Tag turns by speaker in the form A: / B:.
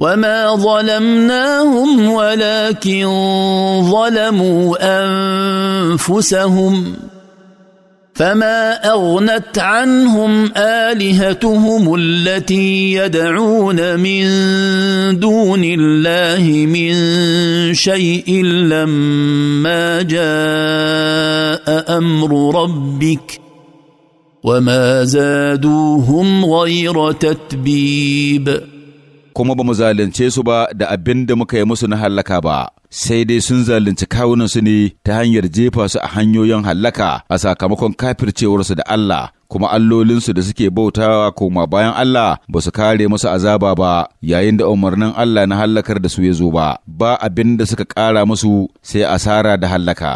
A: وما ظلمناهم ولكن ظلموا انفسهم فما اغنت عنهم الهتهم التي يدعون من دون الله من شيء لما جاء امر ربك وما زادوهم غير تتبيب kuma
B: ba mu zalunce su ba da abin da muka yi musu na hallaka ba, sai dai sun zalunci kawunansu ne ta hanyar jefa su a hanyoyin hallaka a sakamakon kafircewarsu da Allah, kuma allolinsu da suke bautawa koma bayan Allah ba su kare musu azaba ba yayin da umarnin Allah na hallakar da su ya zo ba, ba abin da suka ƙara musu sai asara
C: da hallaka.